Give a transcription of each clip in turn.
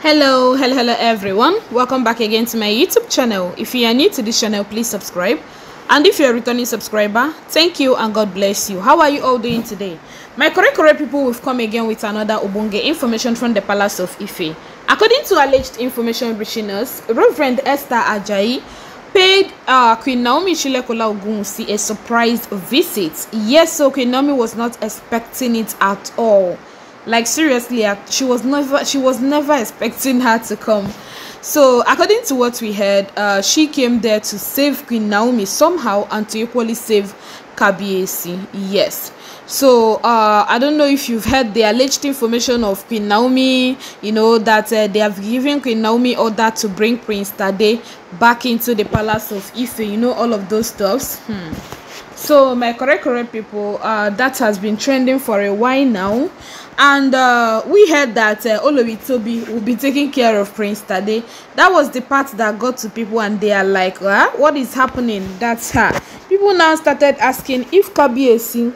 hello hello hello everyone welcome back again to my youtube channel if you are new to this channel please subscribe and if you're a returning subscriber thank you and god bless you how are you all doing today my correct correct people we've come again with another obunge information from the palace of ife according to alleged information reaching us reverend esther ajayi paid uh, Queen Naomi Shilekola Ogunwusi a surprise visit. Yes, so Queen Naomi was not expecting it at all like seriously she was never she was never expecting her to come so according to what we heard uh, she came there to save queen naomi somehow and to equally save kabiesi yes so uh, i don't know if you've heard the alleged information of queen naomi you know that uh, they have given queen naomi order to bring prince tade back into the palace of ife you know all of those stuffs hmm. so my correct correct people uh, that has been trending for a while now and uh, we heard that uh, Olowitobi will be taking care of Prince Tade. That was the part that got to people and they are like, huh? what is happening? That's her. People now started asking if Kabiesi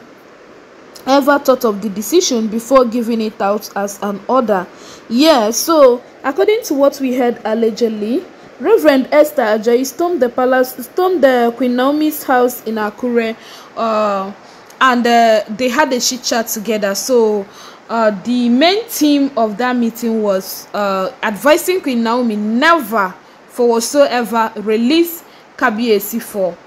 ever thought of the decision before giving it out as an order. Yeah, so according to what we heard allegedly, Reverend Esther Ajayi stormed the palace, stormed the Queen Naomi's house in Akure, uh, and uh, they had a chit chat together. So uh, the main theme of that meeting was uh, advising Queen Naomi never for whatsoever release Kabiesi for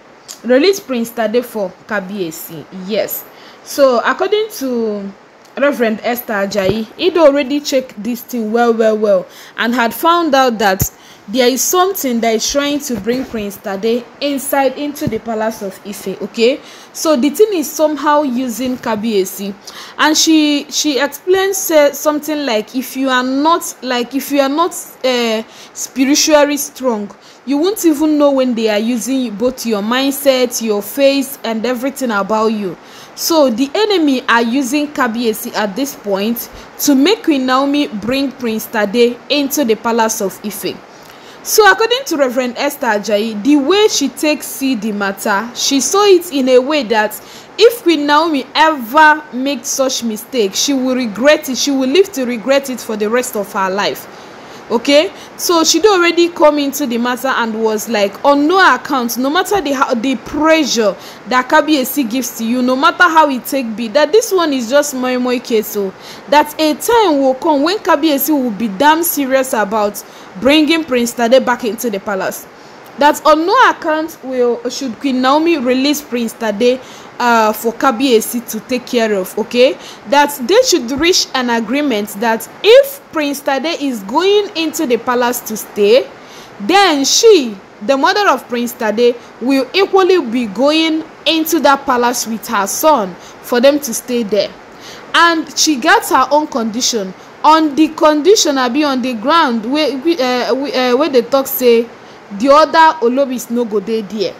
release Prince Tade for Kabiesi. Yes. So according to Reverend Esther Ajayi, he'd already checked this thing well, well, well, and had found out that there is something that is trying to bring Prince Tade inside into the palace of Ife, okay? So the thing is somehow using Kabiesi. And she she explains uh, something like if you are not like if you are not uh, spiritually strong, you won't even know when they are using both your mindset, your face and everything about you. So the enemy are using Kabiesi at this point to make Queen Naomi bring Prince Tade into the palace of Ife. So according to Reverend Esther Ajayi, the way she takes see the matter, she saw it in a way that if Queen Naomi ever make such mistake, she will regret it. She will live to regret it for the rest of her life. Okay, so she do already come into the matter and was like, on no account, no matter the the pressure that KBAC gives to you, no matter how it take be, that this one is just moi moi case. So oh. that a time will come when KBAC will be damn serious about bringing Prince Tade back into the palace. That on no account will should Queen Naomi release Prince Tade uh, for Kabiesi to take care of, okay? That they should reach an agreement that if Prince Tade is going into the palace to stay, then she, the mother of Prince Tade, will equally be going into that palace with her son for them to stay there. And she gets her own condition on the condition abi on the ground wey wey dey tok say di oda olobis no go dey dia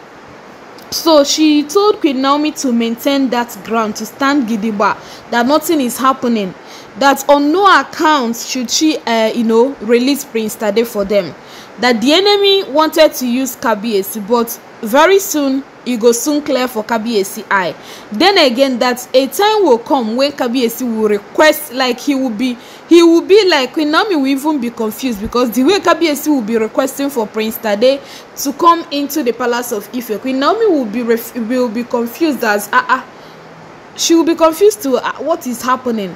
so she told queen naomi to maintain dat ground to stand gidigba that nothing is happening that on no account should she uh, you know release prince tade for dem that di enemy wanted to use kabiyesi but very soon e go soon clear for Kabiesi eye. Then again, that a time will come when Kabiesi will request, like he will be, he will be like Queen Naomi will even be confused because the way Kabiesi will be requesting for Prince Tade to come into the palace of Ife, Queen Naomi will be ref, will be confused as ah uh ah. -uh. She will be confused to uh, what is happening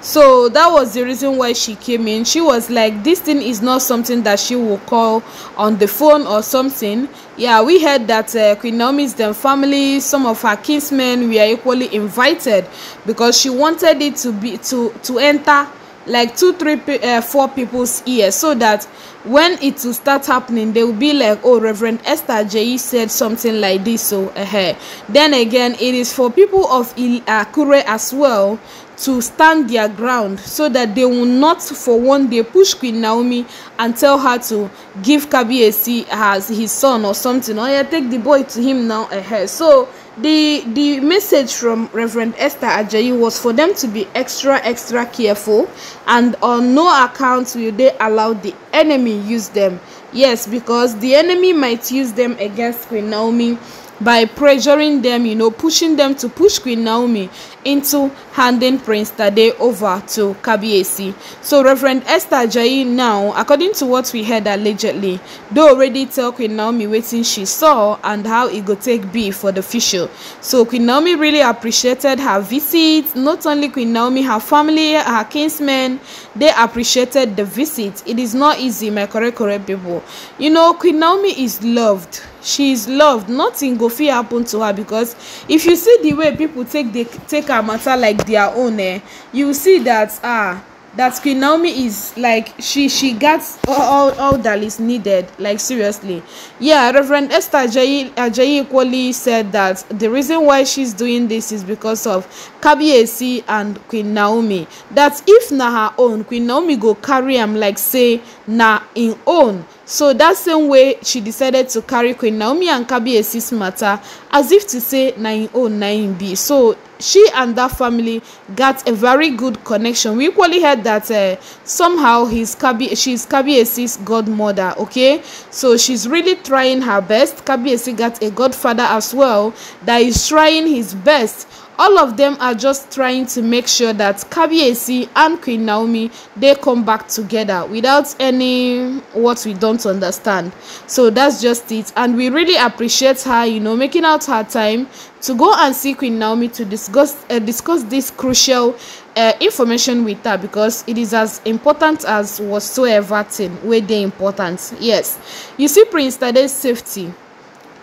so that was the reason why she came in she was like this thing is not something that she will call on the phone or something yeah we heard that uh, queen naomi's them family some of her kinsmen were equally invited because she wanted it to be to to enter like two three uh, four people's ears so that when it will start happening they will be like oh reverend esther j said something like this so uh-huh. then again it is for people of uh, akure as well to stand their ground so that they will not for one day push queen naomi and tell her to give kabiesi as his son or something or oh, yeah take the boy to him now uh-huh. so the the message from reverend esther ajayi was for them to be extra extra careful and on no account will they allow the enemy use them yes because the enemy might use them against queen naomi by pressuring them, you know, pushing them to push Queen Naomi into handing Prince Tade over to Kabiesi. So Reverend Esther Jai now, according to what we heard allegedly, they already tell Queen Naomi waiting she saw and how it go take be for the future. So Queen Naomi really appreciated her visit. Not only Queen Naomi, her family, her kinsmen, they appreciated the visit. It is not easy, my correct correct people. You know, Queen Naomi is loved she is loved nothing go fit happen to her because if you see the way people take take her matter like their own eh you see that ah that Queen Naomi is like she she got all, all, all that is needed like seriously yeah Reverend Esther Ajayi, Ajayi equally said that the reason why she's doing this is because of Kabiyesi and Queen Naomi that if na her own Queen Naomi go carry am like say na im own so that same way she decided to carry Queen Naomi and Kabiyesi's matter as if to say na im own na im be so she and that family got a very good connection. We equally heard that uh, somehow he's Kabi, she's Kabiesi's godmother, okay? So she's really trying her best. Kabiesi got a godfather as well that is trying his best all of them are just trying to make sure that K B A C and Queen Naomi they come back together without any what we don't understand. So that's just it. And we really appreciate her, you know, making out her time to go and see Queen Naomi to discuss uh, discuss this crucial uh, information with her because it is as important as whatsoever thing where they important. Yes, you see, Prince Tade's safety.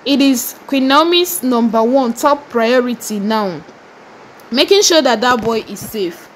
It is Queen Naomi's number one top priority now. making sure that that boy is safe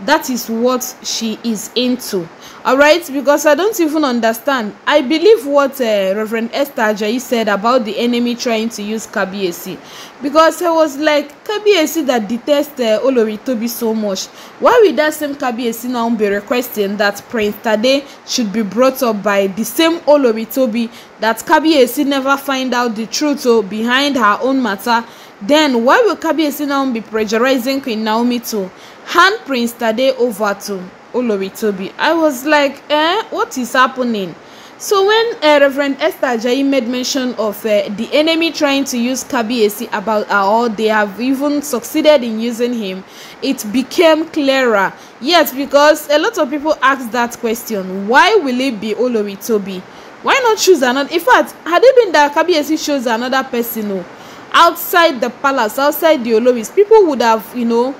that is what she is into all right because i don't even understand i believe what uh, reverend esther ajayi said about the enemy trying to use kabiyesi because it was like kabiyesi that detest uh, olori tobi so much why will that same kabiyesi now be requesting that prince tade should be brought up by the same olori tobi that kabiyesi never find out the truth oh, behind her own matter Then why will Kabiyesi now be pressurizing Queen Naomi to hand Prince Tade over to Oloritobi? I was like, eh, what is happening? So when uh, Reverend Esther Jai made mention of uh, the enemy trying to use Kabiyesi about her or they have even succeeded in using him, it became clearer. Yes, because a lot of people asked that question. Why will it be Oloritobi? Why not choose another? In fact, had it been that Kabiyesi chose another person, no? outside the palace outside the Oloris people would have you know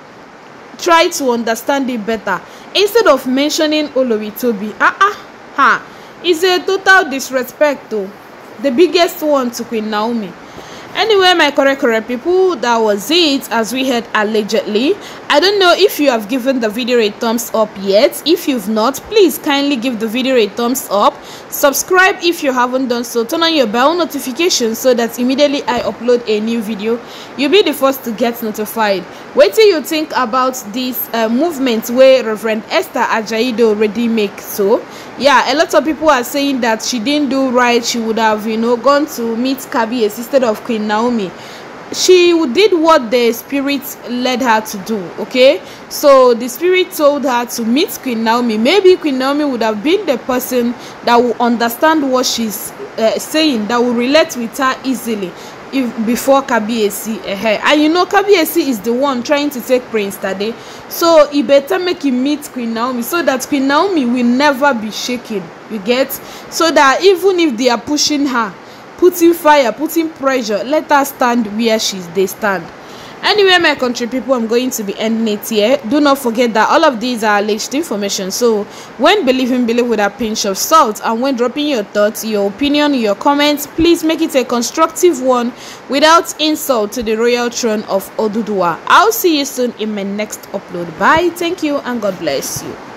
tried to understand it better instead of mentioning Olori Tobi ah ah ha it's a total disrespect o the biggest one to Queen Naomi anyway my correct correct people that was it as we had allegedly i don't know if you have given the video a thumbs up yet if you've not please kindly give the video a thumbs up subscribe if you haven't done so turn on your bell notification so that immediately i upload a new video you'll be the first to get notified wait till you think about this uh, movement where reverend esther ajaido already make so yeah a lot of people are saying that she didn't do right she would have you know gone to meet kabi instead of queen Naomi she did what the spirit led her to do okay so the spirit told her to meet queen naomi maybe queen naomi would have been the person that will understand what she's uh, saying that will relate with her easily if before kabiesi uh, uh-huh. and you know kabiesi is the one trying to take prince today so he better make him meet queen naomi so that queen naomi will never be shaken you get so that even if they are pushing her putting fire putting pressure let her stand where she They stand anyway my country people i'm going to be ending it here do not forget that all of these are alleged information so when believing believe with a pinch of salt and when dropping your thoughts your opinion your comments please make it a constructive one without insult to the royal throne of oduduwa i'll see you soon in my next upload bye thank you and god bless you